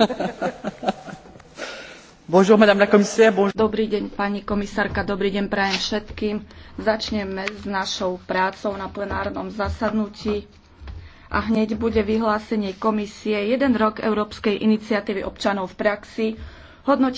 Dobrý deň, pani komisárka, dobrý deň prajem všetkým. Začneme s našou prácou na plenárnom zasadnutí a hneď bude vyhlásenie komisie Jeden rok Európskej iniciatívy občanov v praxi. Hodnotí